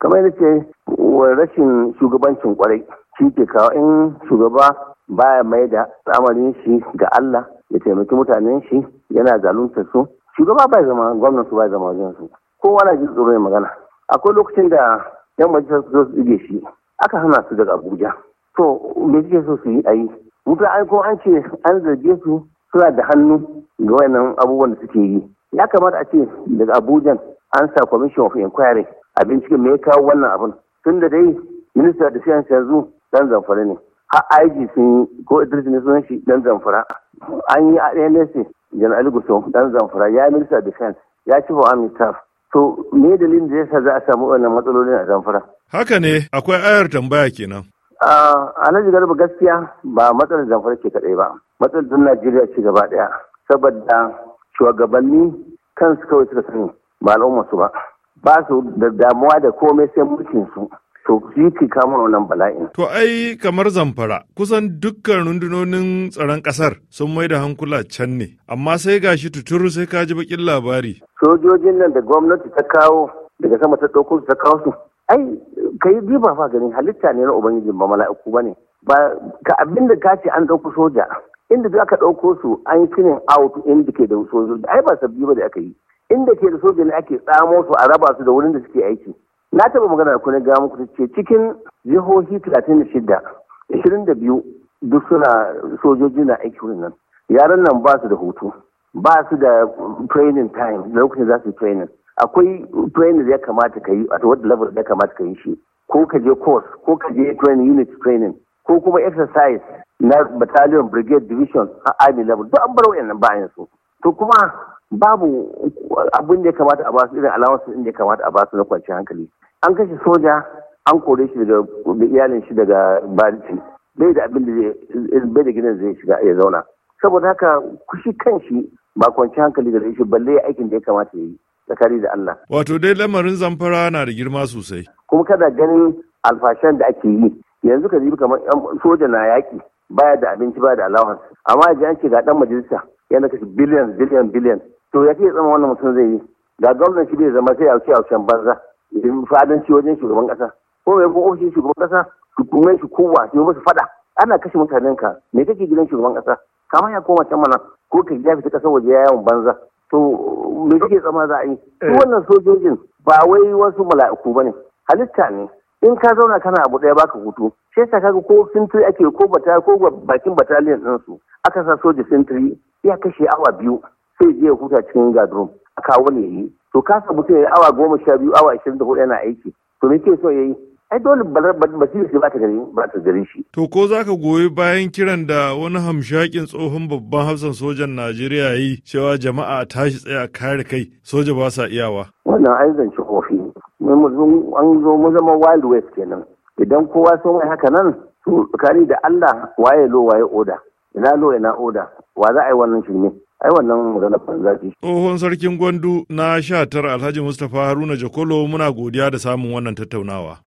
kamar yadda ce rashin shugabancin kwarai shi ke kawo in shugaba baya mai da tsamarin shi ga Allah ya taimaki mutanen shi yana zalunta su shugaba bai zama gwamnan su bai zama wajen su kowa na ji tsoro magana akwai lokacin da yan majalisar su zo su dige shi aka hana su daga Abuja to me kike so su yi ayi mutane ko an ce an zarge su suna da hannu ga wayannan abubuwan da suke yi ya kamata a ce daga Abuja an sa commission of inquiry a binciken me ya kawo wannan abin tun da dai minista da siyan yanzu dan zamfara ne har aiki sun ko idris ne sun shi dan zamfara an yi a jan ali guso dan zamfara ya yi minista da siyan ya ci wa staff to me dalilin da ya sa za a samu wannan matsalolin a zamfara haka ne akwai ayar tambaya kenan A alhaji garba gaskiya ba matsalar zamfara ke kadai ba matsalar tun najeriya ce gaba daya saboda shugabanni kansu kawai suka sani ba al'umma su ba ba su da damuwa da komai sai mulkin su to shi ke kama wannan bala'in. To ai kamar zamfara kusan dukkan rundunonin tsaron kasar sun mai da hankula can ne amma sai gashi tuturu sai ka ji bakin labari. Sojojin nan da gwamnati ta kawo daga sama ta ɗauko ta kawo su ai kai ba fa gani halitta ne na ubangiji ba mala'iku ba ne ba ka abin da ka an ɗauko soja inda za ka ɗauko su an yi out inda ke da sojoji ai ba sabbi ba da aka yi inda ke da soja ne ake tsamo su a raba su da wurin da suke aiki na taɓa magana ku ne ga muku ce cikin jihohi talatin da shida ashirin da biyu duk suna sojoji na aiki wurin nan yaran nan ba su da hutu ba su da training time da lokacin za su yi training akwai training da ya kamata ka yi a wadda level da ya kamata ka yi shi ko ka je course ko ka je training unit training ko kuma exercise na battalion brigade division a army level duk an bar wayannan bayan su to kuma babu abin da ya kamata a basu irin alawar sun da ya kamata a basu na kwanci hankali an kashe soja an kore shi daga iyalin shi daga bariki bai da abin da bai gidan zai shiga ya zauna saboda haka kushi kan shi ba kwanci hankali da shi balle aikin da ya kamata ya yi tsakari da Allah. Wato dai lamarin zamfara na da girma sosai. Kuma kada ganin alfashan da ake yi yanzu ka zibi kamar soja na yaki baya da abinci baya da alawar amma ya an ce ga dan majalisa yana kashe biliyan biliyan biliyan to ya tsama zama wannan mutum zai yi ga gwamnan shi zai zama sai a ce a can banza idan fadanci wajen shugaban kasa ko mai kuma ofishin shugaban kasa hukumai shi kowa su musu fada ana kashe mutanen ka me kake gidan shugaban kasa kama ya koma can mana ko ka gida fita kasa waje ya yawan banza to me kake tsama za a yi su eh. wannan sojojin ba wai wasu mala'iku ba ne halitta ne in ka zauna kana abu ɗaya baka hutu sai sa kaga ko sintiri ake ko bata ko bakin bataliyan aka sa soja sintiri ya kashe awa biyu sai je huta cikin gadrum a kawo ne yi to kasa samu mutum ya awa goma sha biyu awa ashirin da hudu yana aiki to me ke so ya yi ai dole basira ce ba ta gari ba ta gari shi. To ko za ka goyi bayan kiran da wani hamshakin tsohon babban hafsan sojan Najeriya yi cewa jama'a tashi tsaya kare kai soja ba sa iyawa. Wannan ai zance kofi. An zo mu zama wild west kenan. Idan kowa so mai haka nan to tsakani da Allah waye lo waye oda. Ina lo ina oda. Wa za a yi wannan shirme? ai wannan magana banza Tsohon sarkin gwandu na sha tara Alhaji Mustapha Haruna Jakolo muna godiya da samun wannan tattaunawa.